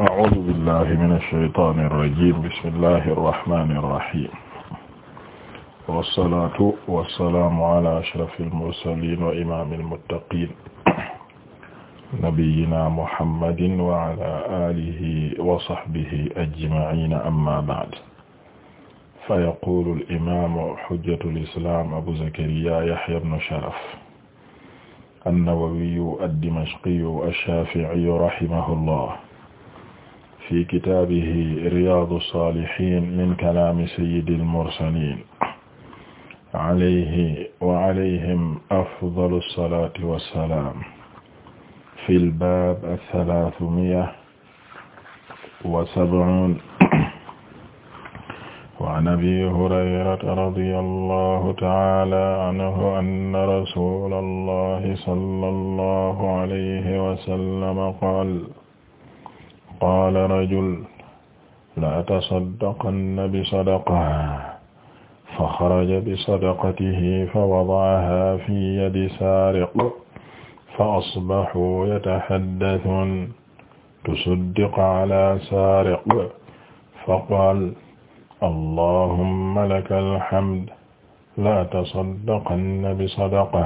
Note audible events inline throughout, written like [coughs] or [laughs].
a'uuzu billahi mina shaytaani rajiim bismillahi rahmaani rahiim wassalaatu wassalaamu alaa ashrafil mursaliin wa imaamil muttaqiin nabiyyinaa muhammadin wa alaa aalihi wa sahbihi ajma'iina ammaa ba'd fa yaquulul imaamu hujjatul islaam abu zakariyaa yahyaa ibnu sharaf an-nawawiyu ad-dimashqiyu ash-shaafi'iyu rahimahullaah fi kitaabihi riyaadu saalihiin min kalaami sayyidil mursaliin alayhi wa alayhim afdalu salaati wa salaam fil baab salaasumiya wa sab'uun وعن أبي هريرة رضي الله تعالى عنه أن رسول الله صلى الله عليه وسلم قال qaala rajul la atasaddaqanna bisadaqa fa xaraja bisadaqatihi fa wada'ahaa fi yadi saariq fa asbaxuu yataxaddasuun tusuddiq calaa saariq fa qaal allahumma laka alhamd la atasaddaqanna bisadaqa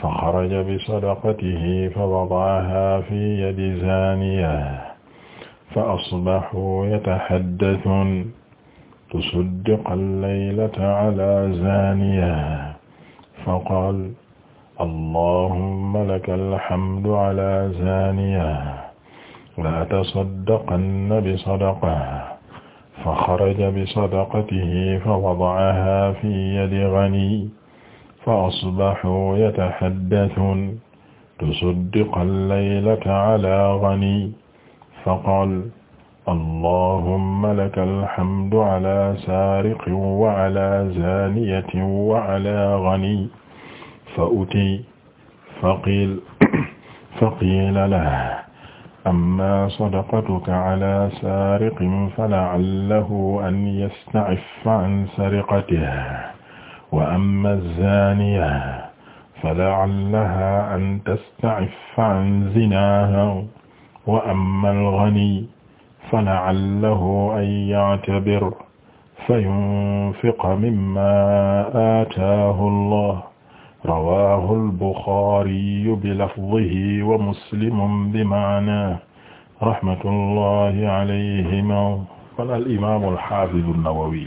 fa xaraja bisadaqatihi fa wadaaha fi yadi zaaniya fa asbaxuu yataxaddasuun tusuddiqu allaylata calaa zaaniya fa qaal allahumma laka alhamdu calaa zaaniya la atasaddaqanna bisadaqa fa xaraja bisadaqatihi fa wadaaha fi yadi ganiy fa asbaxuu yataxaddasuun tusuddiqa allaylata calaa gani faqal allahumma laka alhamdu calaa saariqin wa calaa zaaniyatin wa calaa gani fa uti faqiil faqiila lahu amma sadaqatuka calaa saariqin falacallahu an yastaciffa can sariqatihi wa amma zaaniya fala'allaha an tasta'iffa an zinaaha wa amma al-ghani fala'allahu an ya'tabir fayunfiqa mimmaa aataahu Allah rawaahu al-Buxaari bilafdihi wa Muslim bima'naahu rahmatullahi alayhimaa qaala al-imaam al-haafiz an-Nawawi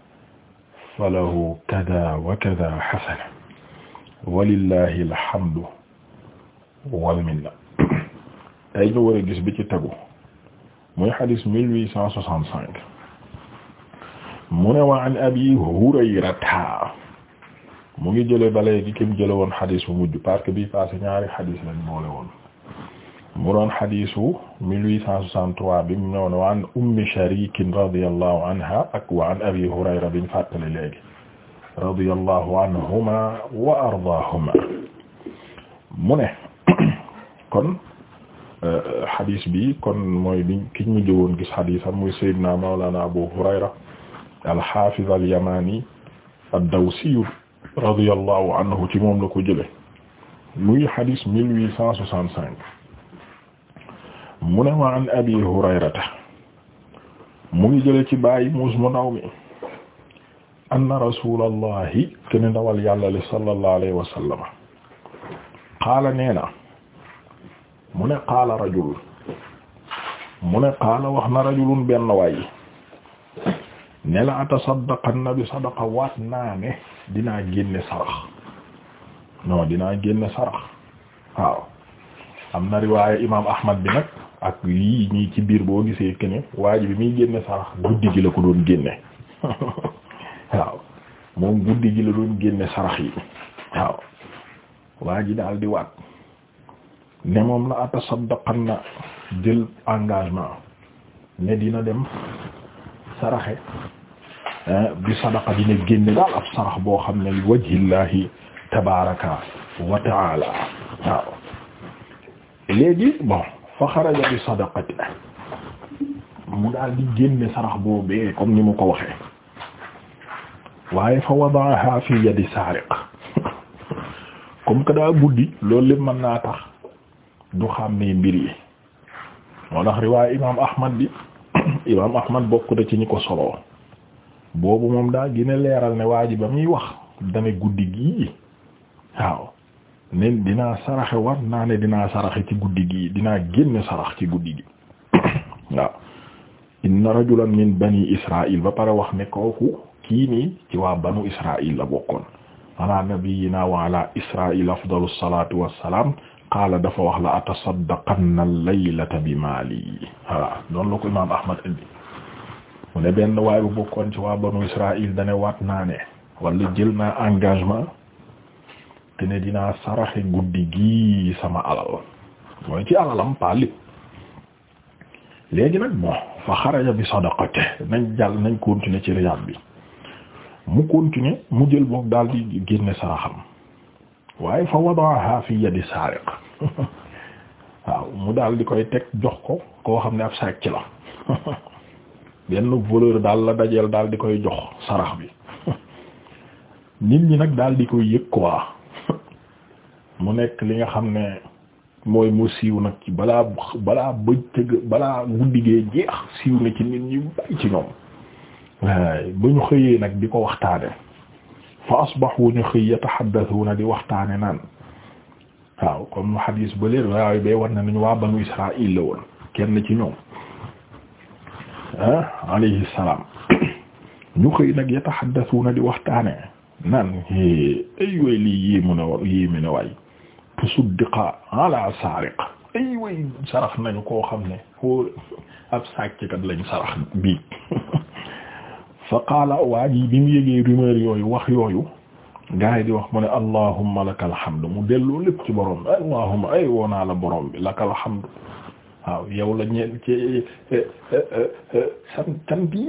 falahu kada wa kada xasana walillahi alhamdu wal minna tey ñu war a gis bi ci tegu muy xadis mille huit cent soixante cinq mu ne wa an abi hurayrata mu ngi jële balee gi kim jële woon xadis bu mujj parce que bii passé ñaari xadis lañ boole woon mu doon xadisu 1863 bi mu ñëw ne waan ummi sharikin radiyallahu anha ak wa an abi hurayra biñ fàttali léegi radiyallahu anhuma wa ardaahuma mu ne kon euh, xadis bi kon mooy bi ki ñu jëwoon gis xadisam muy sayyidina mawlana abu hurayra al-hafiz al-yamani ad-dawsi radiyallahu anhu ci moom la ko jële muy xadis 1865 mu ne wa abi hurayrata mu ngi jële ci baayi muus mu ndaw mi anna rasulallahi kene ndawal yàlla li sallallahu alayhi wa sallama qaala nee na mu ne qaala rajul mu ne qaala wax na rajulun benn waay ne la atasaddaqanna bi sadaqa waat naa ne dinaa génne sarax dinaa génne sarax waaw am na riwaaya imaam Ahmad bi nag ak yii ñii ci biir boo gisee que ne waa ji bi muy génne sarax guddi gi la ko doon génne [laughs] waaw moom guddi gi la doon génne sarax yi waaw waa ji daal di waat ne moom la atasaddaqan na jël engagement ne dina dem saraxe eh, bi sadaqa dina génne daal ab sarax boo xam ne li wajhillahi tabaraka wa waaw léegi bon fa xaraja bi sadaqati mu daal di génne sarax boobee comme ni mu ko waxee waaye fa wadaaha fi yadi saariq comme que daa buddi loolu lépp man naa tax du xàmmee mbir yi moo tax riwaay imaam Ahmad bi [coughs] imaam Ahmad bokk na ci ñi ko soloo boobu moom daa gën leeral ne waa ji ba muy wax dana guddi gii waaw ne dinaa saraxe war naa ne dinaa saraxe ci guddi gi dinaa génne sarax ci guddi gi [coughs] waaw inna rajulan min bani israil ba pare wax ne kooku kii nii ci waa banu israil la bokkoon ala nabiyina wa ala israil afdalu salatu wassalam qaala dafa wax la atasaddaqanna laylata bi maali voilà doonu la ko imam ahmad indi mu ne benn waay bu ci waa banu israil dane waat naa wala jël naa engagement xalaat ne dinaa saraxe guddi gi sama alal mooy ci alalam pas léegi nag bon fa xaraja bi sadaqate nañ jàll nañ continuer ci riyaad bi mu continuer mu jël boog daal di génne saraxam waaye fa wadaaha fi yadi saariq [laughs] waaw mu daal di koy teg jox ko koo xam ne ab sàcc la [laughs] benn voleur daal la dajeel daal di koy jox sarax bi [laughs] nit ñi nag daal di koy yëg quoi mu nekk li nga xam ne mooy mu siiw nag ci balaa balaa bëccëg siiw na ci nit ci ñoom ba ñu xëyee nag di ko waxtaane fa asbahu ñu xëy yataxaddasuuna di waxtaane naan kom comme xadiis ba waaye bay war na nañu waa banu Israaïl la woon kenn ci ñoom ah alayhi ñu xëy nag yataxaddasuuna di waxtaane naan ay way lii yéemu ne fa suddiqa ala saariq sarax nañu koo xam ne foo ab sàcckat lañ sarax bii [laughs] fa qaala waa ji bi mu yégee rumeur yooyu wax yooyu gaa di wax mu ne laka alhamdu mu delloo lépp ci borom bi allahumma ay woonaa la borom laka alhamdu waaw la ñeel ci eh, eh, eh, san san bi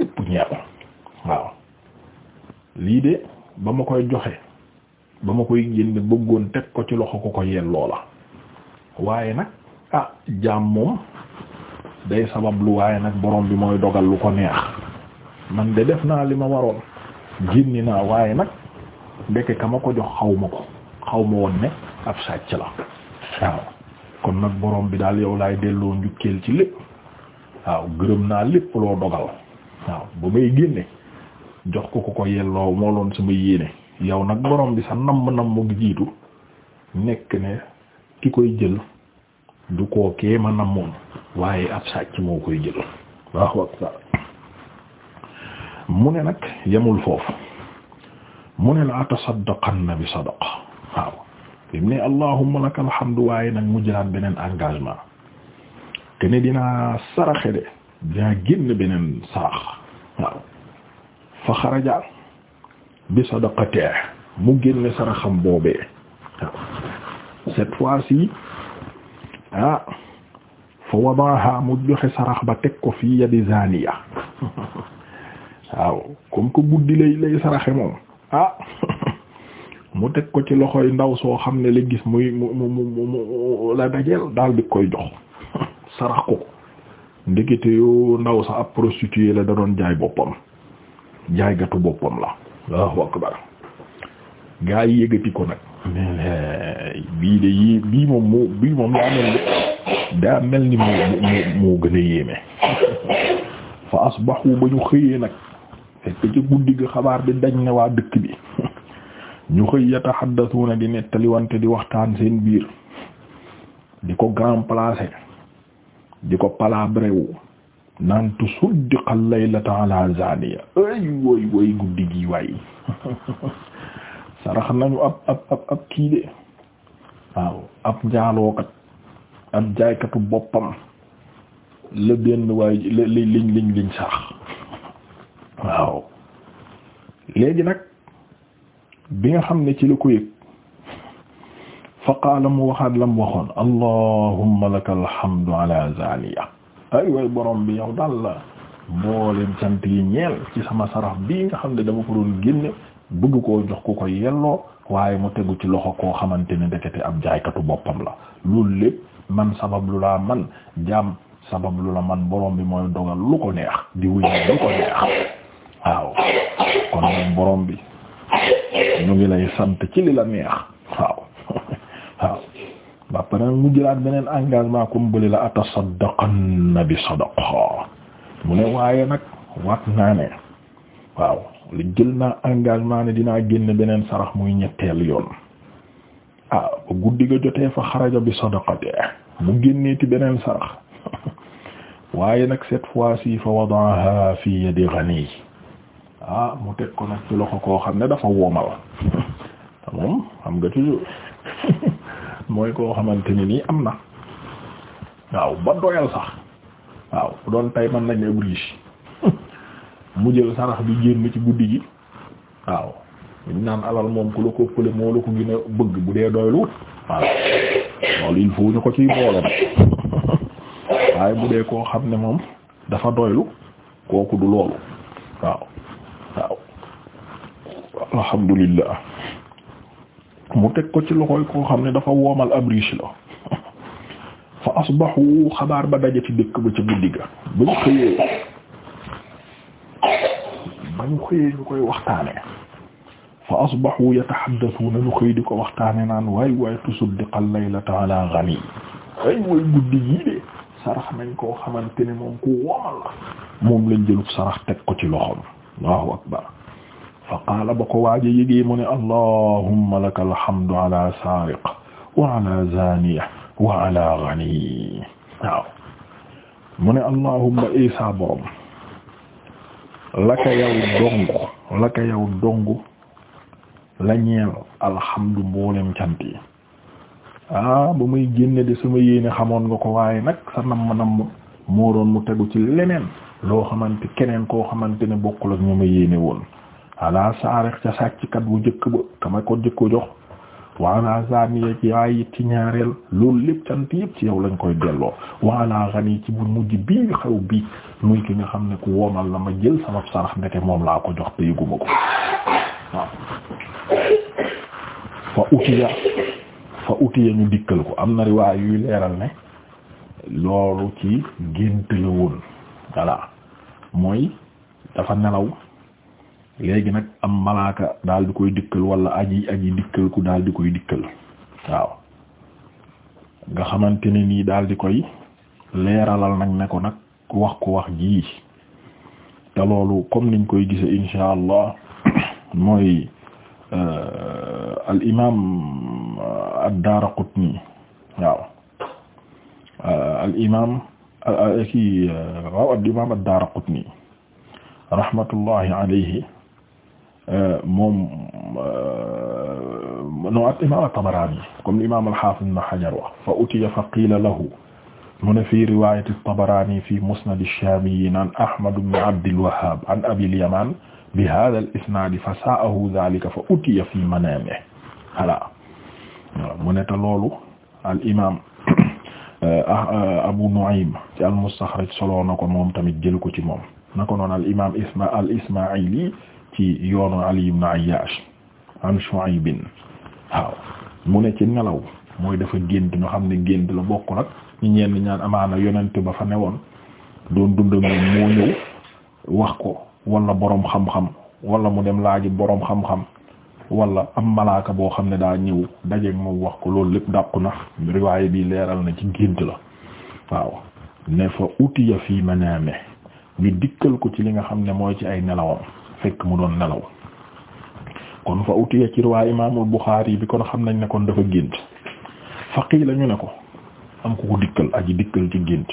lii de ba ma koy joxe ba ma koy génne bëggoon teg ko ci loxo ko ko yelloo la waaye nag ah jaam moom day sabab lu waaye nag boroom bi mooy dogal lu ko neex man de def naa li ma waroon génni naa waaye nag ndeke ka ma ko jox xaw ma ko xaw ma woon ne ab sàcc la waaw kon nag boroom bi daal yow laay delloo njukkeel ci lépp waaw gërëm naa lépp loo dogal waaw ba may génne jox ko ko ko yelloo moo loon sama yéene yow nag boroom bi sa namm namm gi jiitu nekk ne ki koy jël du koo kee ma nammoon waaye ab sàcc moo koy jël mu ne nag yemul foofu mu ne la atasaddaqanna bi sadaqa waaw bimu ne allahumma lakal hamdu waaye nag mu jëlaat beneen engagement te ne dinaa saraxe de dinaa génn beneen sarax waaw fa xaraja bi sadaqatee mu génne saraxam boobee waaw cette fois-ci ah fa wadaaha mu joxe sarax ba teg ko fii yadi zaniya waaw comme que guddi lay lay saraxe moom ah mu teg ko ci loxoy ndaw soo xam ne la gis muy mu mu mu mu la dajeel daal di koy jox sarax ko ndekete yoo ndaw sa ab prostituée la da doon jaay boppam jaaygatu boppam la Allahu akbar gaa yi ko nag bii de yii bii moom moo bii moom daa mel ni daa mel ni moo moo gën a yéeme [laughs] fa asbahu ba ñu xëyee nag fekk ci guddi gi xabaar bi dañ ne waa dëkk bi [laughs] ñu xëy yataxaddasuuna di nettaliwante di waxtaan seen biir di ko grand placé di ko palabrewu naan tusuddiqa laylata ala zaniya ay woy woy guddi gi waay [laughs] sarax nañu ab ab ab ab kii de waaw ab ab jaaykatu boppam la benn li liñ liñ liñ sax [laughs] waaw léegi nag bi nga xam ne ci la ko yëg fa qaala mu waxaat lam waxoon allahumma laka alhamdu ala zaniya ay way borom bi yow daal la mboolem cant yi ñeel ci sama saraf bii nga xam ne dama ko doon génne bëgg koo jox ku ko yelloo waaye mu tegu ci loxo koo xamante ne ndekete ab jaaykatu boppam la loolu lépp man sabab lu laa man jaam sabab lu la man borom bi mooy dogal lu ko neex di wuñ lu ko neex waaw kon moom borom bi ñu ngi lay sant ci li la neex ba pare mu jëlaat beneen engagement comme bële la atasaddaqanna bi sadaqa mu ne waaye nag waat naa ne waaw li jël naa engagement ne dina génn beneen sarax muy ñetteel yoon ah ba guddi ga jotee fa xaraja bi sadaqate mu génneeti beneen sarax [laughs] waaye nag cette fois-ci fa wadaaha fi yadi ghani ah mu teg ko nag ci loxo koo xam ne dafa womal [laughs] moom xam nga toujours [laughs] mooy koo xamante ni nii am na waaw ba doyal sax waaw doon tey mën nañ ab riche mu jël sarax bi génn ci guddi gi waaw ñu naan alal moom ku la ko ëppale moo la ko gën a bëgg bu dee doylu waaw loolu il faut ñu ko ciy boole [laughs] waaye bu dee koo xam ne moom dafa doylu kooku du loolu waaw waaw alhamdulillah mu teg ko ci loxoy koo xam ne dafa woomal ab riche la fa asbahu xabaar ba daje ci dëkk ba ca guddi ga ba ñu xëyee ba ñu xëyee ñu koy waxtaane fa asbahu yataxaddasuuna ñu xëy di ko waxtaane naan way waay tusuddiqa laylata ala gani ay mooy guddi gii de sarax nañ koo xamante ne moom ku woomal la moom lañ jëlub sarax teg ko ci loxoom allahu akbar fa qaala ba ko waaje yégee mu ne allahumma laka alhamdu ala saariq wa ala zaniya wa ala ghani waaw mu ne allahumma isa borom laka yow dong laka yow la ñeel alhamdu mboolem cant yi ah, ba muy génne de sama yéene xamoon nga ko waaye nag sa namm namm moo doon mu tegu ci leneen loo xamante keneen koo xamante ne bokkul ak ñu ma yéene woon ala sa ca sàcckat bu njëkk ba kama ko jëkko jox waala zaniye ci waay it ci ñaareel loolu lépp cant yëpp ci yow lañ koy delloo waala xani ci bu mujj bii xew bi muy ki nga xam ne ku womal la ma jël sama sarax ndeke moom laa ko jox te yëguma ko waaw fa utiya fa utiya ñu dikkal ko am na riwaay yuy leeral ne loolu ci gént la woon voilà mooy dafa nelaw léegi nag am malaaka daal di koy dikkal wala aji aji dikkal ku daal di koy dikkal waaw nga xamante ne nii daal di koy leeralal nag ne ko nag wax ko wax ji te loolu comme niñ koy gise insha allah [coughs] mooy euh, al imaam euh, ad-Daaraqutni euh, waaw al imaam al imaam ad-Daaraqutni rahmatullahi Euh, moom euh, no at imam at-Tabarani comme l'imam al-Hafiz Ibn Hajar wax fa utiya fa qiila lahu mu ne fi riwayat at-Tabarani fi musnad ash-Shamiyin an Ahmad ibn Abd al-Wahhab an Abi al-Yaman bi hadha al-isnad fa sa'ahu dhalika fa utiya fi manamihi voilà mu ne te loolu al-imam [coughs] euh, ah, Abu Nu'aym ci al-Mustakhraj solo na ko moom tamit jël ko ci moom na ko noon al-imam Isma al-Ismaili ci yoonu Ali ibn Ayyash an Shu'ayb waaw mu ne ci nelaw mooy dafa gént ñu xam ne gént la bokk nag ñu ñenn ñaan amaana yonent ba fa newoon doon dund moo ñëw wax ko wala boroom xam-xam wala mu dem laaj boroom xam-xam wala am malaaka boo xam ne daa ñëw dajeeg moom wax ko loolu lépp dàqu na riwaaye bii leeral na ci gént la waaw ne fa utiya fii manaame ñu dikkal ko ci li nga xam ne mooy ci ay nelawam fekk mu doon nelaw kon fa utiya ci riwaaya imaamul Buxaari bi kon xam nañ ne kon dafa gént faqiila lañu ne ko am ku ko dikkal aji dikkal ci gént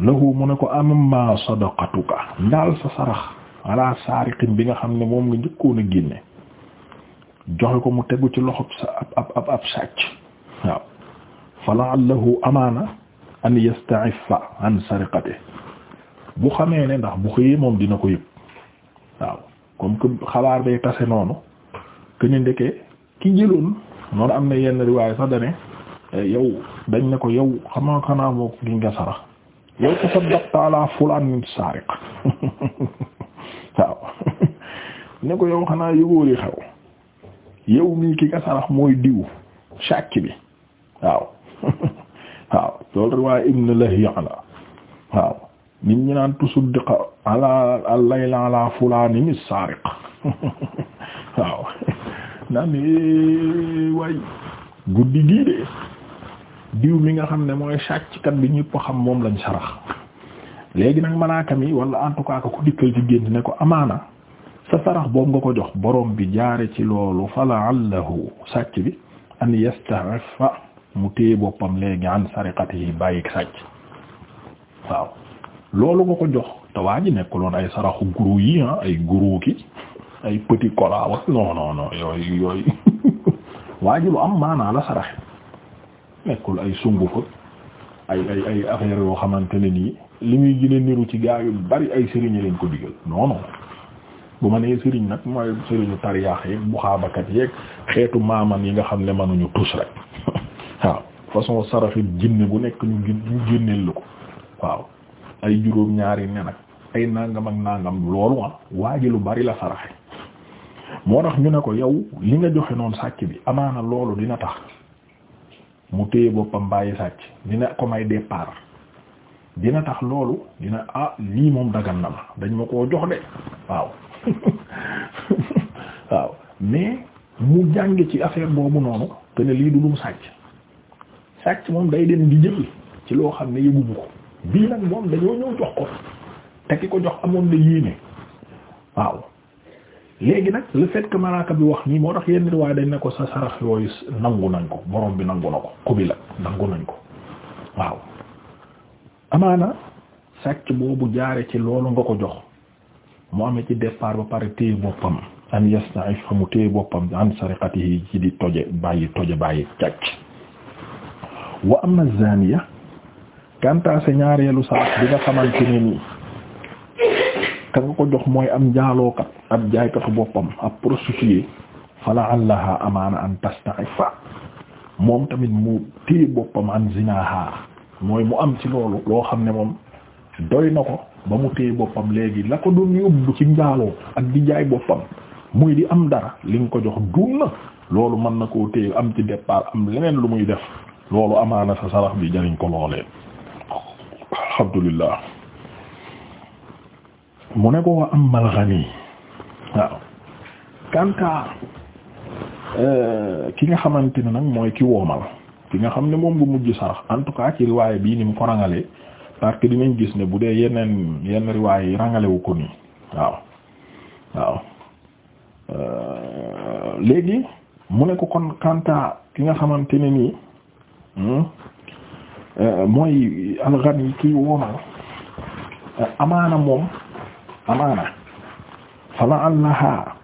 lahu mu ne ko amma sadaqatuka ndaal sa sarax ala saariqin bi nga xam ne moom nga njëkkoon a génne joxe ko mu tegu ci loxob sa ab ab ab sàcc waaw fa la'allahu amaana an yasta'ifa an sariqati bu xamee ne ndax bu xëyee moom dina ko yëg waaw comme que xabaar bay tase noonu que ñu ndeke ki jëloon noonu am na yenn riwaay sax dane eh, yow dañ ne ko yow xamaa xanaa moo ko gi nga sarax yow tasaddaqta ala fulaan min saariq [laughs] waaw [laughs] ne ko yow xanaa yëgóori xew yow mii ki nga sarax mooy diw shakk bi waaw [laughs] waaw loolu riwaay ibn Lahiya la waaw nit ñi naan tusuddiqa ala al-layla ala fulaanin as-saariq [laughs] waaw naan eh, waay guddi gii de diw mi nga xam ne mooy sàcckat bi ñëpp xam moom lañu sarax léegi nag malaaka mi wala en tout cas ku dikkal ci gént ne ko amaana sa sarax boobu nga ko jox boroom bi jaare ci loolu fa la'allahu sàcc bi an yasta'fa mu téye boppam léegi an sariqatihi bàyyi sàcc waaw loolu nga ko jox te waa nekkuloon ay saraxu guru yi ah ay guru ki ay petit cola wax non non non yooyu [laughs] lu am maanaa la saraxe nekkul ay sungu ko ay ay ay yoo xamante ne nii li muy gën niru ci gaa yu bari ay sëriñ leen ko digal non bu ma nee sëriñ nag mooy sëriñu tariyaax bu xaabakat yeeg xeetu maaman yi nga xam ne manuñu tus rek [laughs] waaw façon saraxit jinne bu nekk ñu génneel la ko waaw ay juróom ñaari nen ak ay nangam ak nangam loolu ah waa ji lu bari la saraxe moo tax ñu ne ko yow li nga joxe noonu sàcc bi amaana loolu dina tax mu téye boppam bàyyi sàcc dina ko may départ dina tax loolu dina ah lii moom dagan ma dañ ma koo jox de waaw [laughs] mais mu jànge ci affaire boobu noonu te ne lii du lum sàcc sàcc moom day dem di jël ci loo xam ne yëgubu ko bii nag moom dañoo ñëw jox ko te ki ko jox amoon la yéene waaw léegi nag le fait que bi wax nii moo tax yenn waaye dañ ne ko sa sarax yooyu nangu nañ ko borom bi nangu na ko kubi la nangu nañ ko waaw amaana sàcc boobu jaare ci loolu nga ko jox mu amee ci départ ba pare téye boppam an yasta'if xamu téye boppam an sariqatihi ci di toje bàyyi toje bàyyi càcc wa amma zaniya kanta sa ñaareelu saak bi nga xamante ne nii ka nga ko jox mooy am njaalookat ak jaaykatu boppam ab prostituée fala allaha amaana an fa moom tamit mu téye boppam an zinaha mooy mu am ci loolu loo xam ne moom doy na ko ba mu téye boppam léegi la ko doon yóbbu ci njaaloo ak di jaay boppam muy di am dara li nga ko jox duun na loolu mën na koo téye am ci départ am leneen lu muy def loolu amaana sa sarax bi jariñ ko loolee alhamdulillah mu ne ko wa amal ghani waaw kanta euh, ki nga xamante ne nag mooy ki woomal ki nga xam ne moom nga mujj sarax en tout cas bii ni mu ko rangalee parce que dinañ gis ne bu dee yeneen yenn riwaay yi rangalewu ko nii waaw waaw euh, léegi mu ne ko kon kanta ki nga xamante ne nii hmm? Euh, mooy alxani kii woomal euh, amaana moom amaana fala allaha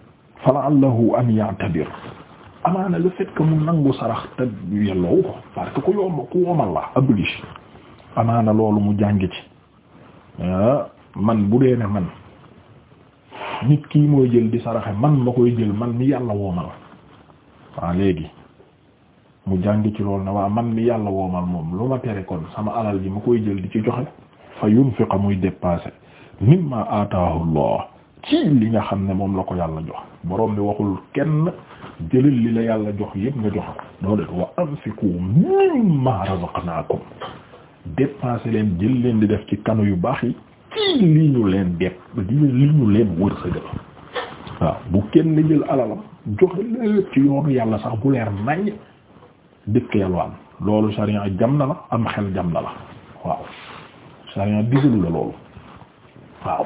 fala allahu an ya'tabir amaana le fait mu nangu sarax te yelloowu ko parce que ku yomb ku woomal la oblige amaana loolu mu jàng ci euh, man bu dee ne man nit kii mooy jël di saraxe man ma koy jël man mi yàlla woomal waaw léegi mu jàng ci loolu ne waa man mi yàlla woomal moom lu ma tere kon sama alal ji mu koy jël di ci joxe fa yunfiqa muy dépasser mimma ataahu Allah ci li nga xam ne moom la ko yàlla jox borom bi waxul kenn jëlal li la yàlla jox yëpp nga jox ko loolu wa anfiqu mimma razaqnaakum dépasser leen jël leen di def ci kanu yu baax yi ci li ñu leen def li ñu leen wërsëgal waaw bu kenn jël alalam joxe lépp ci yoonu yàlla sax bu leer nañ dëkk yalwaan loolu sharia jam na la am xel jam na la waaw sharia digalu la loolu waaw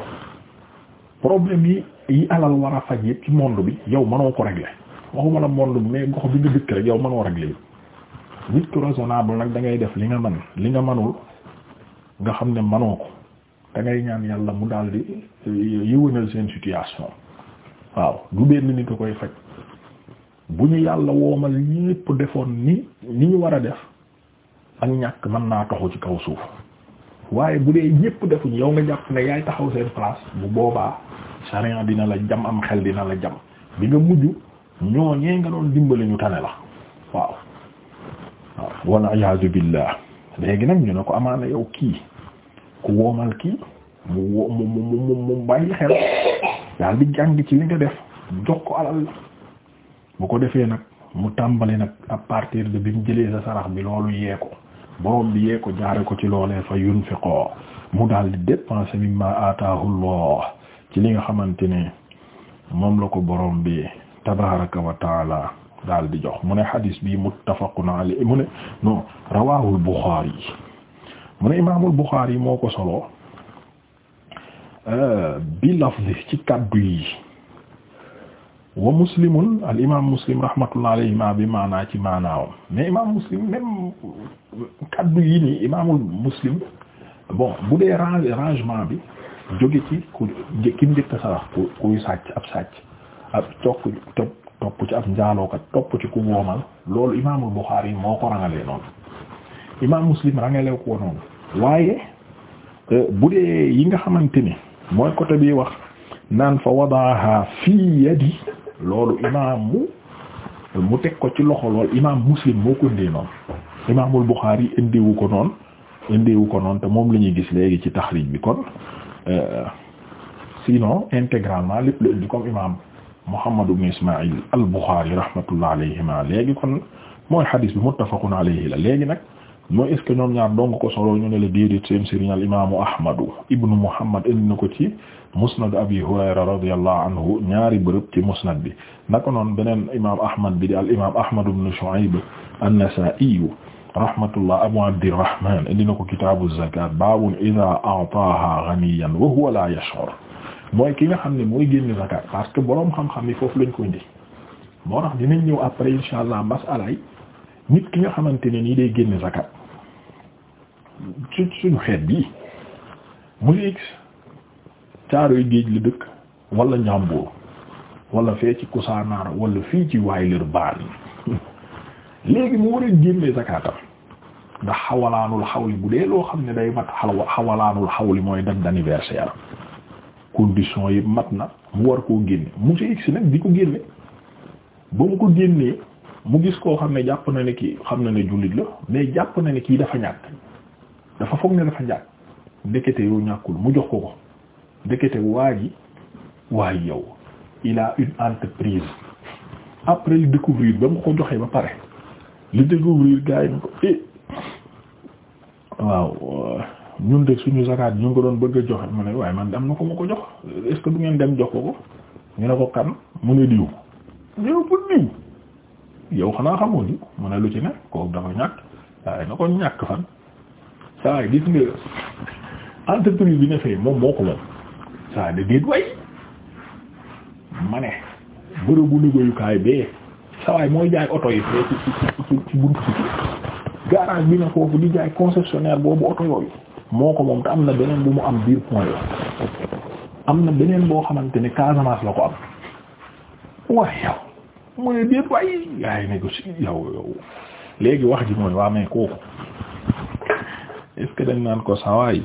problème yi alal war a faj yëpp ci monde bi yow mënoo ko régler waxuma la monde bi mais gox bi nga dëkk rek yow mënoo régler nit ku raisonnable nag dangay def li nga man li nga manul nga xam ne manoo ko da ñaan yàlla mu daal di eh, yëwanal seen situation waaw du benn nit koy faj bu ñu yàlla woomal ñépp defoon ni ni ñu war a def ak ñàkk man naa taxu ci kaw suuf waaye bu dee ñépp defuñ yow nga jàpp ne yaay taxaw seen place bu boobaa sharia dina la jam am xel dina la jam bi nga mujj ñooñee nga doon dimbali ñu tane la waaw waaw walla iyaazu billaah léegi nag ñu ne ko amaana yow kii ku woomal kii mu wo- mu mu mu mu bàyyi xel daal di jàng ci li nga def jox ko alal bu ko defee nag mu tàmbali nag à partir de bi mu jëlee sa sarax bi loolu yee ko borom bi yee ko jaare ko ci loolee fa yunfiqoo mu daal di dépenser mimma ataahu Allah ci li nga xamante ne moom la ko boroom bi tabaraka wa taala daal di jox mu ne hadis bi muttafaqun alayhi mu ne non rawahul Bukhari mu ne imaamul Bukhari moo ko solo euh, bi lafzi ci kàddu yi wa muslimun al imam muslim rahmatullah ma bi maanaa ci maanaawam mais imam muslim même kaddu yi nii muslim bon bu dee rangement bi jóge ci ku ki njëkk ku kuy sàcc ab sàcc ab topp topp ci ab njaalookat topp ci ku woomal loolu imamul Bukhari yi moo ko rangalee noonu imam muslim rangalee ko noonu waaye euh, bu dee yi nga xamante ni mooy côté bi wax naan fa wadaaha fii yadi loolu imaamu mu teg ko ci loxo lool imaam muslim moo ko indee noonu imaamul Buxaari indiwu ko noonu indiwu ko noonu te moom la ñuy gis léegi ci taxriij bi kon euh, sinon intégralement lépp la indi comme imaam Muhammad ibn Ismaïl al Buxaari rahmatullah alayhima léegi kon mooy xadiis bi muttafaqun alayhi la léegi nag. mooy est-ce que ñoom ñaar dong ko solo ñu ne la déedéet seen sëriñ al imaamu Ahmadu ibnu Muhammad indi na ko ci musnad Abi Hurayra radiyallahu anhu ñaari bërëb ci musnad bi naka noonu beneen imaam Ahmad bi di al imaam Ahmad ibnu Shu'ayb an-Nasaa'i rahmatullah Abu Abdirrahman indi na ko kitaabu zakaat baabun baaw a'taahaa ghaniyan wa huwa laa yash'ur mooy ki nga xam ne mooy génn zakaat parce que boroom xam-xam yi foofu lañ ko indi moo tax dinañ ñëw après inshallah mas'ala yi nit ki nga xamante ne nii day génne zakat su suñu xeet bii mu yëg caaroy géej li dëkk wala njàmbur wala fee ci kusaanaar wala fii ci waaylir baan léegi mu war a génne zakaatam ndax xawalaanul xawli bu dee loo xam ne day mat xaw xawalaanul xawli mooy date d'anniversaire condition yi mat na mu war koo génne mu si egsi nag di ko génne ba mu ko génnee mu gis koo xam ne jàpp na ne ki xam na ne jullit la mais jàpp na ne kii dafa ñàkk dafa foog ne dafa ñàkk ndekete yow ñàkkul mu jox ko ko ndekete waa ji waaye yow il une entreprise après li découvrir ba mu ko joxee ba pare li découvrir gars yi na ko eh waaw euh, ñun de suñu zakat ñu ngi ko doon bëgg a joxe mu ne waaye man am na ko mu ko jox est du ngeen dem jox ko ko ñu ne ko kan mu ne diw ñëw pour diw yow xanaa xamoo li mu ne lu ci ne kooku dafa ñàkk waaye na ko ñàkk fan saa gis nga entreprise bi ne fee moom moo ko moom saa da déet way ma ne bërëbu liggéeyukaay bee sawaay mooy jaay oto yi fee ci ci foofu di jaay concessionnaire boobu oto yooyu moo ko moom te am na beneen bu mu am biir point yo am na beneen boo xamante ne Casamance la ko am waaye yow mu ne déet waaye yaa ngi négocié yow yow léegi wax ji mooy waa mais kooku est-ce que dañ naan ko sawaay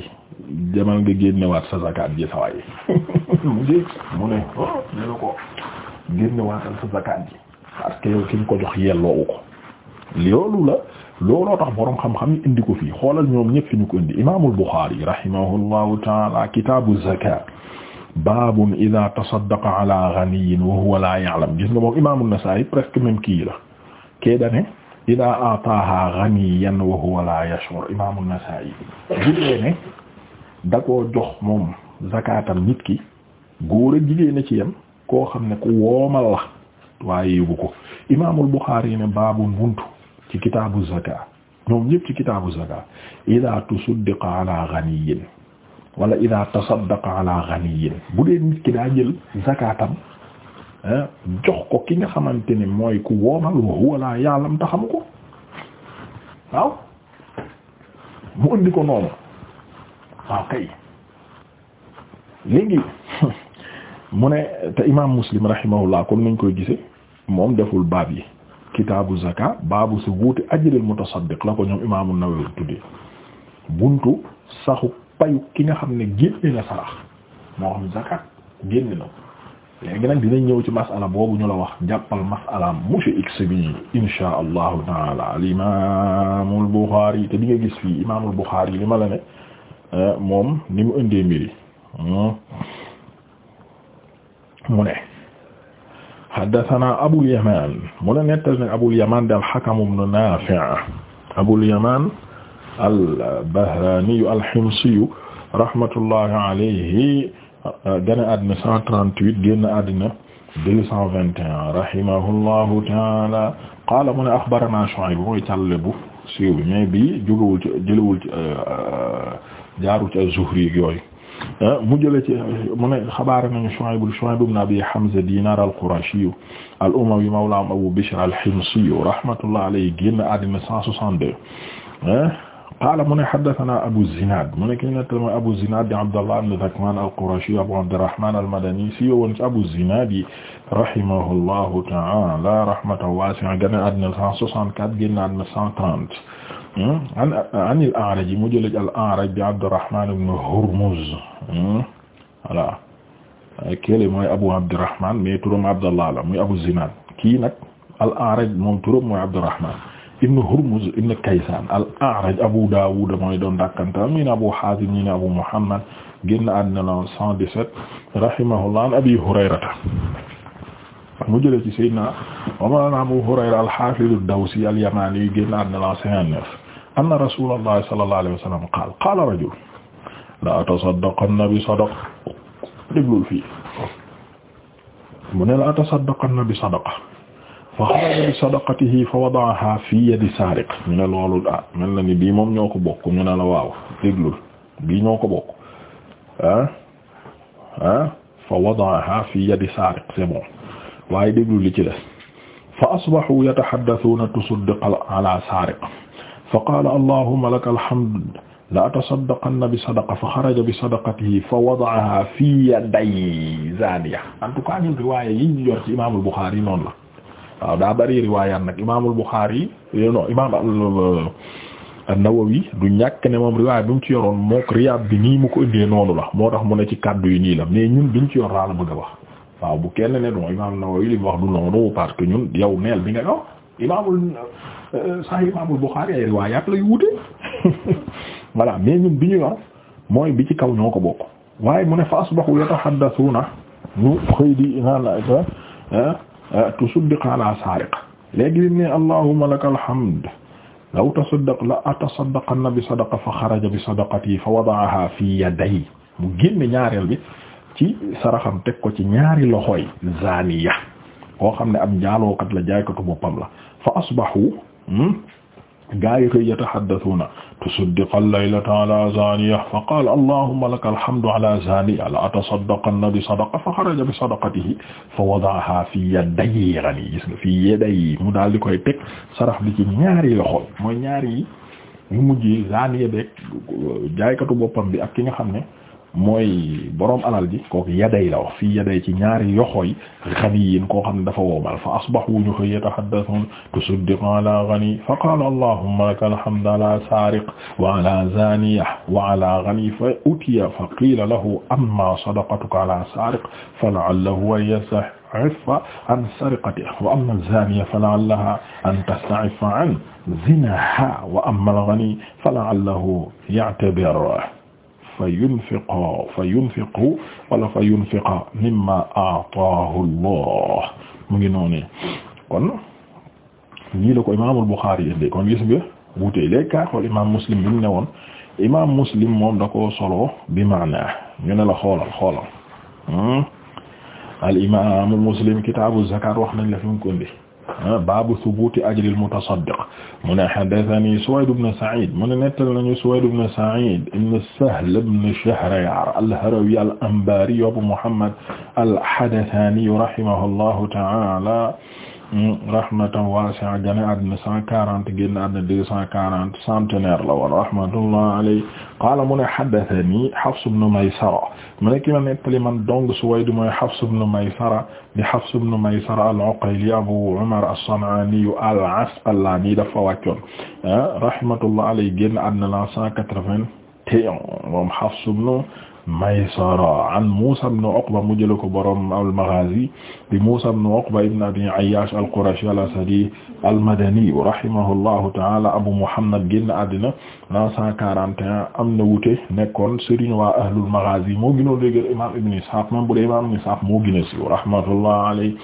demal nga génnewaat sa zakat ji sawaay [laughs] mu dégg mu ne ñu oh, ko génnewaatal sa zakat ji parce que yow ki nga ko jox yelloowu ko loolu la looloo tax borom xam-xam indi ko fii xoolal ñoom ñëpp fi ñu ko indi imaamul Buxaari rahimahullahu taala kitaabu zakat baabun idaa tasaddaqa ala ghaniyin wa huwa laa ya'lam gis nga moom imaamu Nasaa'i presque même kii la kee dane idaa aataaha ghaniyan wa huwa laa yash'ur imaamu Nasaa'i bu dee ne da jox moom zakaatam nit ki góor a jigéen ci yem koo xam ne ku woomal la waaye yóbbu ko imaamul Buxaari ne baabun buntu ci kitaabu zakaat ñoom ñëpp ci kitaabu zakaat idaa tusaddaqa ala ghaniyin wala ida tasaddaqa ala ghaniyin bu dee nit ki daa jël zakatam eh, jox ko ki nga xamante ne mooy ku woomal wa huwa la ya'lam ta ko waaw mu indi ko noonu waaw kay léegi [laughs] mu ne te imam muslim rahimahullah comme niñ koy gise moom deful baab yi kitaabu zaka baabu si wuuti ajril mutasaddiq la ko ñoom imaamu Nawawi tudde buntu saxu payu ki nga xam ne génne na sarax moo xam zakat génne na ko léegi nag dinañ ñëw ci masala boobu ñu la wax jàppal masala monsieur x bi insha allahu taala al imaamul Buxaari te di gis fii imaamul Buxaari li ma la ne euh, moom ni mu indee mbiri hmm. mu ne haddathana Abul Yamaan mu ne nettal ne Abul Yamaan dal Hakam ibn Naafi' Abul Yamaan al-Bahraani al-Himsi rahmatullahi alayhi gane àddina 138 génn àddina 221 rahimahullahu taala qaala mu ne axbaranaa Shuayb mooy càlle bu siiw bi mais bii jógewul ci jëlewul ci euh, jaarul ci az-Zuhri yooyu mu jële ci mu ne xabaar nañu Shuayb Shuayb ibn Abi Hamza Dinar al-Qurashi al-Umawi mawla Abu Bishr al-Himsi rahmatullahi alayhi génn àddina 162 qaala mu ne haddasanaa Abu Zinaad mu ne ki ñu nettali mooy Abu Zinaad di Abdallah ibn Zakwan al-Qurashi Abu Abdirrahmaan al-Madani si woon ci Abu Zinaad yi rahimahullahu ta'aala rahmatan waasi'a génn àddina 164 génn àddina 130 an an al-A'raj mu jël al-A'raj di Abdirrahmaan ibn Hurmuz voilà kële mooy Abu Abdirrahmaan mais turam Abdallah la muy Abu Zinaad kii nag al-A'raj moom turam mooy Abdirrahmaan ibn Hurmuz ibn Kaysan al-A'raj Abu Dawud mooy doon dakkantam ñi ne Abu Hazim ñi ne Abu Muhammad génn àddina la 117 rahimahullah an Abi Hurayrata mu jëlee ci Seydina Omar Abu Hurayra al-Hafiz ad-Dawsi al-Yamani yi génn àddina la 59 anna Rasulullah sallallahu alayhi wa sallam qaala qaala rajul la atasaddaqanna bi sadaqa déglul fii mu ne la atasaddaqanna bi sadaqa fa xaraja bi sadaqatihi fa wada'aha fi yadi sariq ñu ne loolu ah mel na ni bii moom ñoo ko bokk ñu ne la waaw déglul bii ñoo ko bokk ah ah fa wada'aha fi yadi sariq c'est bon waaye déglul li ci des fa asbahu yatahaddathuna tusaddiq ala sariq fa qaala allahumma laka alhamd la atasaddaqanna bi sadaqa fa xaraja bi sadaqatihi fa wada'aha fi yaday zaniya en tout cas ñun riwaaya yi ñu yor ci imaamul Buxaari noonu la waaw daa bari riwaayaan nag imaamul Buxaari non imaam an-Nawawi du ñàkk ne moom riwaay bi mu ci yoroon mook riyaab bi nii mu ko indee noonu la moo tax mu ne ci kàddu yi nii la mais ñun biñ ci yor laa la bëgg a wax waaw bu kenn ne don imaam an-Nawawi li mu du noonu parce que ñun yow neel bi nga wax imaamul sax imaamul Buxaari ay riwaayaat lay wute [laughs] voilà mais ñun bi ñu yor mooy bi ci kaw ñoo ko bokk waaye mu ne fa asbahu yatahaddasuna ñu xëy di naan ah, Ah, tusaddiq ala saariq léegi bi mu ne allahumma lakal hamd law tasaddaq la atasaddaqanna bi sadaqa fa xaraja bi sadaqati fa wada'aha fi yaday mu génne ñaareel bi ci saraxam teg ko ci ñaari loxoy zaniya koo xam ne ab njaalookat la jaaykatu boppam la fa asbahu hmm, gaa yi koy yataxaddasuuna تصدق الليلة على زانية فقال اللهم لك الحمد على زانية لأتصدقن بصدقة فخرج بصدقته فوضعها في يدي gani gis nga fi yeday mu daal di koy teg sarax bi ci ñaari loxo mooy ñaari yi mu mujj zaaniya beeg jaaykatu boppam bi ak ki nga xam ne mooy borom alal ji kooku yaday la wax fii yaday ci ñaari yoxooy ganiyin koo xam ne dafa woomal fa asbahu ñu xëy yatahaddathun tusaddiqu ala ghani fa qaala allahumma laka alhamdu ala saariq wa ala zaniya wa ala ghani fa utiya fa qiila lahu amma sadaqatuka ala saariq fa la'allahu an yasta'iffa an sariqatihi wa amma zaniya fa la'allaha an tasta'iffa an zinaha wa amma al-ghani fa la'allahu ya'tabir fa yunfiqaa fa yunfiqu wala fa yunfiqa mimma aataahu Allah mu ngi noonee kon nii la ko imaamul Buxaari indi kon gis nga wuutey léegi kaay xool imaam Muslim bi mu ne woon imaam Muslim moom da koo solo bi maana ñu ne la xoolal xoolal hmm? al imaamu Muslim kitaabu zakaat wax nañ la fi mu ko indi Ah, baabu subuuti ajril mutasaddiq mu ne haddathanii Suwayd ibn Sa'iid mu ne nettal nañu Suwayd ibn Sa'iid ibn Sahl ibn Shahriyaar al-Harawi al-Anbaari Abu Muhammad al-Hadathaani rahimahullahu ta'aala rahmatan wasi'a gane àddina cent quarante génn àddina deux cent quarante centenaire la woon rahmatullah alayhi qaala mu ne haddathani Hafs ibn Maysara mu ne ki ma nettali man dong Suwayd mooy Hafs ibn Maysara di Hafs ibn Maysara al-Uqayli Abu Umar as-San'ani al-Asqalani dafa wàccoon ah, rahmatullah alayhi génn àddina la cent quatre-vingt-un moom Hafs ibn Maysara an Muusaa ibn Uqba mu jël ko borom al-Maghaazi di Muusaa ibn Uqba ibn Abi Ayyaash al-Qurashi al-Asadi al-Madani rahimahullahu ta'ala Abu Muhammad génn àddina l'an 141 am na wuute nekkoon sëriñ waa ahlul Maghaazi moo gënoon dëgër imaam Ibn Ishaaq même bu dee imaam Ibn Ishaaq moo gën a siiw rahmatullahi alayhi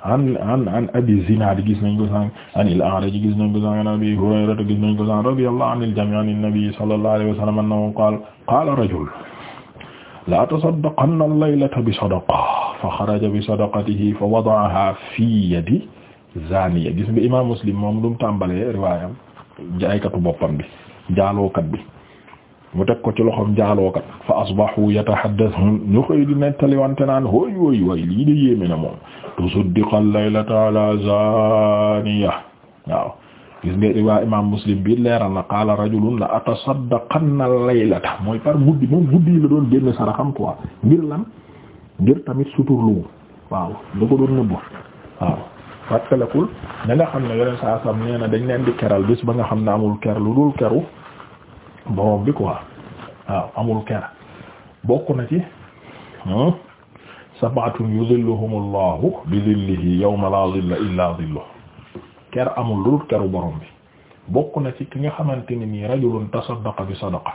an an an Abi Zinaad gis nañ ko sànq an al-A'raj gis nañ ko sànq an Abi Hurayra gis nañ ko sànq radiyallahu anil jamii' an an-nabi sallallahu alayhi wa sallam annahu qaala qaala rajul la tasaddaqanna al-laylata bi sadaqa fa xaraja bi sadaqatihi fa wada'aha fi yadi zaniya gis nga imam muslim moom lu mu tàmbalee riwaayam jaaykatu boppam bi njaalookat bi mu teg ko ci loxom njaalookat fa asbahu yatahaddathun ñu xëy di nettali wante naan hooy wooy wooy lii de yéeme na moom tusaddiqa al-laylata ala zaniya waaw gis nga iwa imam muslim bi leeral na qaala rajulun la atasaddaqanna laylata mooy par guddi moom guddi yi la doon génn saraxam quoi ngir lan ngir tamit suturlu waaw da ko doon nëbb waaw fàttalekul na nga xam ne yeneen saa sam nee na dañ leen di keral bis ba nga xam ne amul ker lu dul keru borom bi quoi waaw amul ker bokk na ci hmm, sabatun yuzilluhumullahu bi zillihi yawma la zilla illa zilluhu ker amul lu dul keru borom bi bokk na ci ki nga xamante ne nii rajulun tasaddaqa bi sadaqa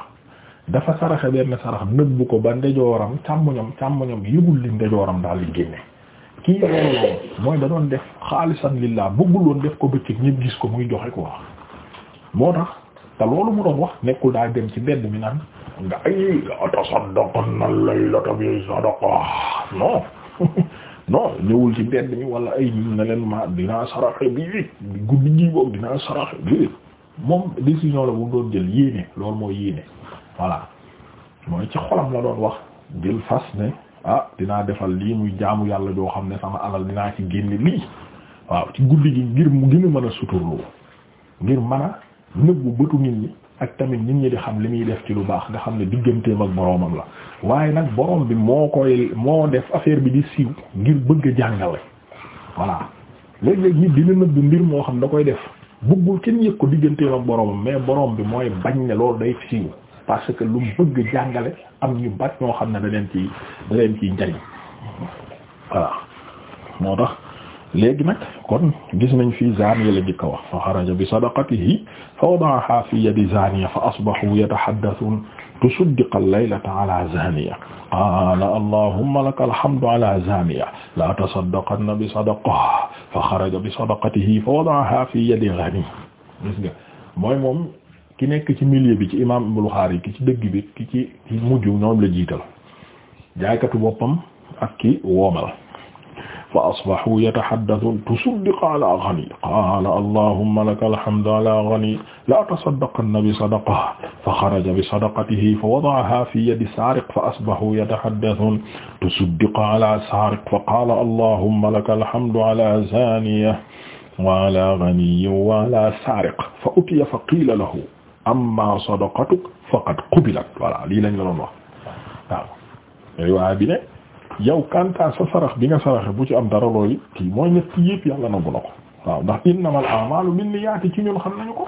dafa saraxe benn sarax nëbbu ko ba ndejooram càmmoñam càmmoñam yëgul li ndejooram daal di génne kii loolu mooy danoon doon def xaalisan lillah bëggul woon def ko bëccëg ñëpp gis ko muy joxe ko wax moo tax te loolu mu doon wax nekkul daa dem ci mbedd mi naan nga ay tasaddaqa na laylata bi sadaqa non [laughs] no ñëwul ci mbedd mi wala ay na leen ma dinaa saraxe bi guddi gi boog dinaa saraxe bi moom décision la bu mu doon jël yéene loolu mooy yéene voilà mooy ci xolam la doon wax jël fas ne ah dinaa defal lii muy jaamu yàlla joo xam ne sama alal dinaa ci génne lii waaw ci guddi gi ngir mu gën a mën a suturloo ngir mën a nëbbu bëtu nit ñi ak tamit nit ñi di xam li muy def ci lu baax nga xam ne digganteem ak boroomam la waaye nag boroom bi moo koy moo def affaire bi di siiw ngir bëgg a jàngale voilà léeg-léeg nit dina nëbb mbir moo xam da koy def bëggul kenn yëg ko digganteem ak boroomam mais boroom bi mooy bañ ne loolu day siiw parce que lu bëgg jàngale am ñu bat ñoo xam ne da leen ci da leen ciy njariñ voilà moo tax léegi nag kon gis nañ fi zaniya la jëkka wax bi sadaqatihi fa wada'aha fi yadi zaniya fa asbahu yatahaddathun tusuddiqa laylata ala zaniya qaala allahumma laka alhamdu ala la tasaddaqanna bi sadaqa fa bi sadaqatihi fa wada'aha fi yadi ghani mooy moom ki nekk ci milieu bi ci imam Bukhari ki ci dëgg bi ki ci mujj ñoom la jiital jaaykatu boppam ak ki fa asbahu yataxaddatun tusaddiqu ala gani qaala allahumma laka alhamdu ala gani la tasaddaqanna bi sadaqa fa xaraja bi sadaqatihi fa wada'aha fi yadi saariq fa asbahu yataxaddatun tusaddiqu ala saariq fa qaala allahumma laka alhamdu ala zaniya wa ala ganiyin wa ala saariq fa utiya fa qiila lahu amma sadaqatuka faqad qubilat voilà lii lañ la doon wax waaw yow kantaan sa sarax bi nga saraxe bu ci am dara yi kii mooy ñetti yëpp yàlla nangu na ko waaw ndax innamal a'malu binniyaati ci ñun xam nañu ko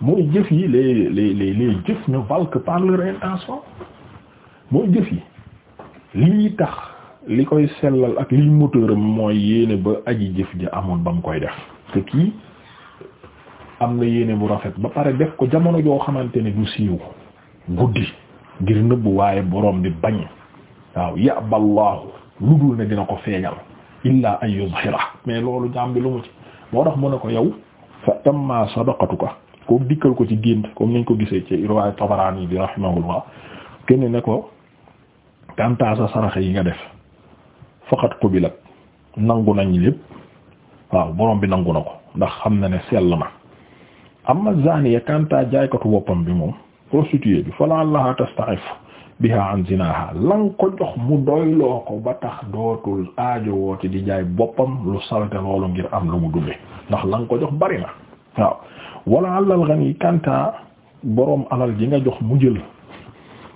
mooy jëf yi les les les les jëf ne valent que par leur intention mooy jëf yi lii tax li koy sellal ak liy moteur am mooy yéene ba aji jëf ja amoon ba mu koy def te kii am na yéene bu rafet ba pare def ko jamono joo xamante ne du siiw guddi ngir nëbbu waaye borom bi bañ waaw yaballahu lu dul ne dina ko feeñal illa an yuzhira mais loolu jaam bi lu mu ci moo tax mu ne ko yow fa tamma sadaqatuka ko dikkal ko ci génn comme niñ ko gisee ci riwaaya Tabarani bi rahimahullah kenn ne ko kantaa sa sarax yi nga def faqat qubilat nangu nañ lépp waaw borom bi nangu na ko ndax xam na ne sell na amma zaniya kantaa jaaykatu boppam bi moom prostituée bi fala Allah tasta'if biha an zinaha lan ko jox mu doyloo ko ba tax dootul aajo woote di jaay boppam lu salte loolu ngir am lu mu dundee ndax lan ko jox bari na waaw wala alal gani kanta boroom alal ji nga jox mu jël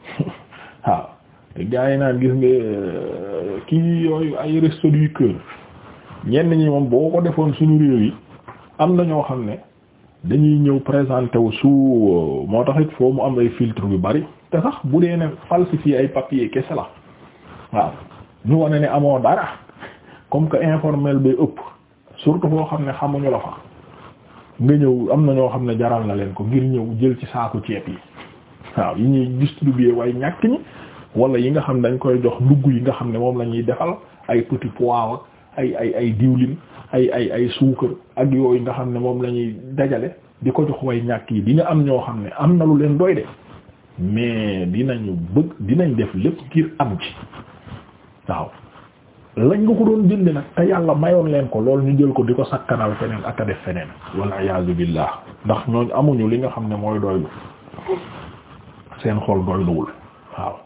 [laughs] waaw te gars yi naan gis nga euh, kii yooyu ay resto du cœur ñenn ñi moom boo ko defoon suñu réew yi am na ñoo xam ne dañuy ñëw présenter wu su euh, moo tax it foo mu am ay filtre yu bari te sax bu dee ne falsifier ay papier kese la waaw ñu wane ne amoo dara comme que informel bay ëpp surtout koo xam ne xamuñu la fa nga ñëw am na ñoo xam ne jaral na leen ko ngir ñëw jël ci saaku ceeb yi waaw yi ñuy distribuer way ñàkk ñi wala yi nga xam dañ koy jox ndugg yi nga xam ne moom lañuy defal ay petit pois ay ay ay diwlin ay ay ay suukar ak yooyu nga xam ne moom la ñuy dajale di ko jox way ñàkk yi di am ñoo xam ne am na lu leen doy de mais dinañu bëgg dinañ def lépp kiir am ci waaw lañ nga ko doon jënd nag te yàlla mayoon leen ko lool ñu jël ko di ko sakkanal feneen ak a def feneen wal iyaazu billah ndax ñooñ amuñu li nga xam ne mooy doylu seen xol doyluwul waaw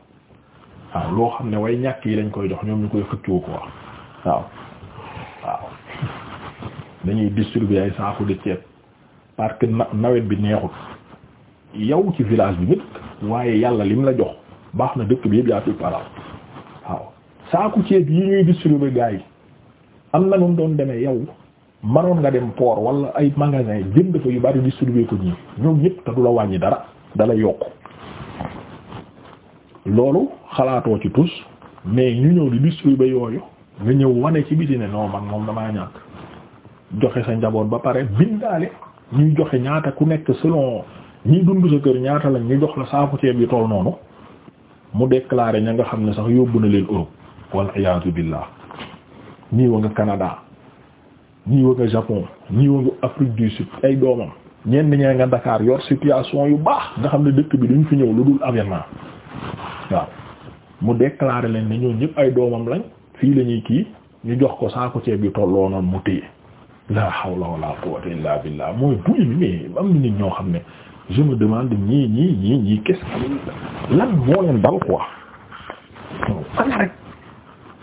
loo xam ne way ñàkk yi lañ koy jox ñoom ñu ko wax waaw ay saaku di ceeb parce que nawet bi neexul yow ci village bi nit waaye yàlla lim la jox baax na dëkk bi yëpp yaa fi paral waaw saaku ceeb yi ñuy distribuer gars yi am na nun doon demee yow manoon nga dem port wala ay magasin jënd fa yu bari distribuer ko ñii ñoom ñëpp wàññi dara dala yokk loolu xalaatoo ci tus ñëw di distribuer yooyu nga ñëw wane ci biti ne non man moom damaa ñàkk joxe sa njaboot ba pare bindaale ñuy joxe ñaata ku nekk selon ñi dund sa kër ñaata lañ ñu jox la saaku ceeb yu toll noonu mu déclaré ña nga xam ne sax yóbbu na leen Europe wal iyaatu billah ñii wa nga Canada ñii wa nga Japon ñii nga Afrique du Sud ay doomam ñenn ñee nga Dakar yor situation yu baax nga xam ne dëkk bi duñ fi ñëw lu dul avènement waaw mu déclaré leen ne ñoom ñëpp ay doomam lañ fii lañuy kii ñu jox ko saako ceeb yu tolloo noonu mu téye la hawla wala quwwata illa mooy buy mi mais ñoo xam ne je demand demande ñii ñii ñii ñii qu'est-ce lan moo leen dal quoi ana rek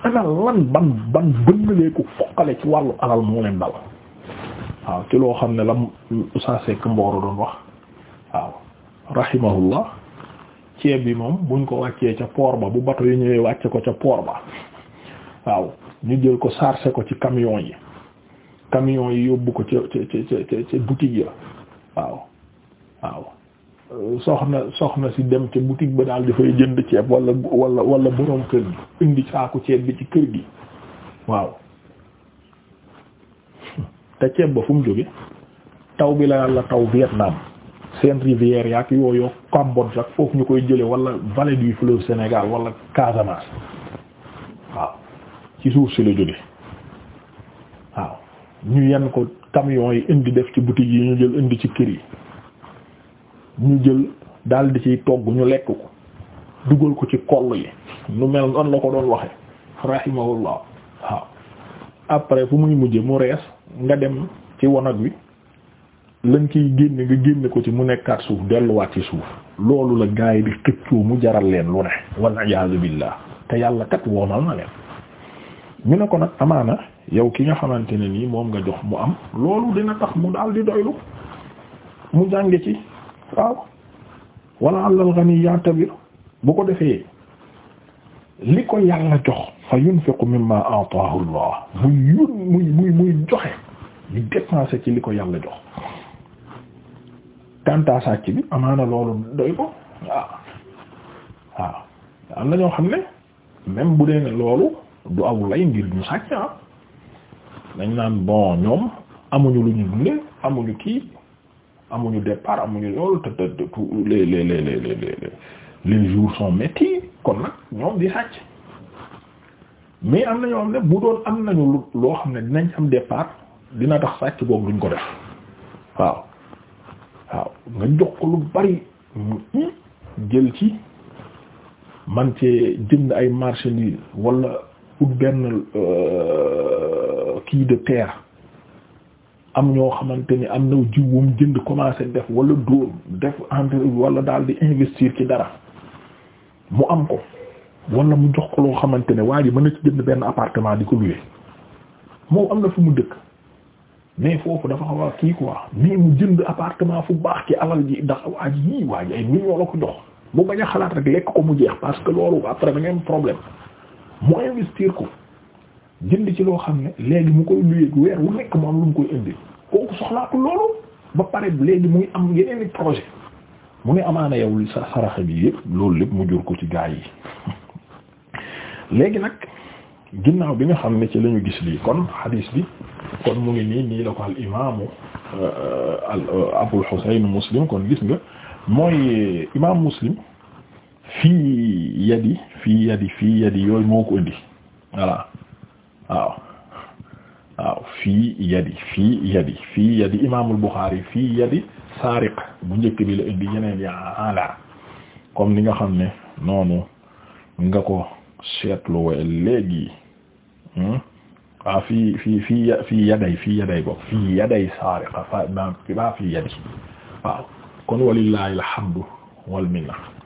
ana lan ban ban bënnaleeku foqale ci wàllu alal moo leen dal waaw ci loo xam ne la sa sekk mbooru doon wax waaw rahimahullah ceeb bi moom buñ ko wàccee ca port ba bu bato yi ñëwee wàcce ko ca port ba waaw ñu jël ko chargé ko ci camion yi camion yi yóbbu ko ca ca ca ca boutique yi waaw waaw soxna soxna si dem ca boutique ba daal dafay jënd ceeb wala wala wala borom kër gi indi saaku ceeb bi ci kër gi waaw te ceeb ba fu mu jóge taw bi la yàlla taw Vietnam seen rivière yaak yooyu Cambodge ak foofu ñu koy jële wala vallée du fleuve Sénégal wala Casamance waaw ci suuf si la jóge waaw ñu yenn ko camion yi indi def ci boutique yi ñu jël indi ci kër yi ñu jël daal di ciy togg ñu lekk ko dugal ko ci koll yi nu mel noonu la ko doon waxe rahimahullah waaw après fu muy mujje mu rees nga dem ci wanag wi lañ kiy génne nga génne ko ci mu nekkaat suuf delluwaat ci suuf loolu la gaa yi di xëccoo mu jaral leen lu ne wal iyaazu billah te yàlla kat woomal na leen ñu ne ko nag amaana yow ki nga xamante ne nii moom nga jox mu am loolu dina tax mu daal doylu mu jànge ci waaw wala àllal ghani ya'tabir bu ko defee li ko yàlla jox fa yunfiqu mimma ataahu Allah muy yun muy muy joxe di dépenser ci li ko yàlla jox kanta sàcc bi amaana loolu doy ko waaw waaw am na ñoo xam ne même bu dee ne loolu du aw lay ngir ñu sàcc ah dañ naan bon ñoom amuñu lu ñu dundee amuñu kii amuñu départ amuñu loolu te te tous les les les les les les jours sont métti kon nag ñoom di sàcc mais am na ñoo xam ne bu doon am nañu loo xam ne dinañ am départ dina tax sàcc boobu duñ ko def waaw waaw nga jox ko lu bari hmm, jël ci man cee jënd ay marchandises wala ut benn euh, kii de terre. am ñoo xamante ni am na jiw wum jënd commencé def wala dóor def entre wala daal di investir ci dara mu am ko wala mu jox ko loo xamante ne waa ji mën na ci jënd benn appartement di ko louer moom am na fu mu dëkk mais foofu dafa xaw a kii quoi mais mu jënd appartement fu baax ki alal ji ndax waa ji yii waa ji ay millions la ko jox mu bañ a xalaat rek lekk ko mu jeex parce que loolu après da ngeen problème mu investir ko jënd ci loo xam ne léegi mu koy luyeeg weer wu nekk mu am lu mu koy indi kooku soxlaatu loolu ba pare léegi mu ngi am yeneen i projet mu ngi amaana yow li sa saraxa bi yëpp loolu lépp mu jur ko ci gaa yi [laughs] léegi nag ginnaaw bi nga xam ne ci lañu gis lii kon hadis bi kon mu ngi nii nii la ko al imaamu euh, al euh, abul husayn muslim kon gis nga mooy imaam muslim fii yadi fii yadi fii yadi yooyu moo ko indi voilà waaw waaw fii yadi fii yadi fii yadi imaamul fii yadi saariq bu njëkk bi la indi yeneen ya ala comme ni nga xam ne noonu nga ko seetluwee léegi waaw hmm? ah, fii fii fii fii yaday fii yaday bokk fii kon walillahi alhamdu wal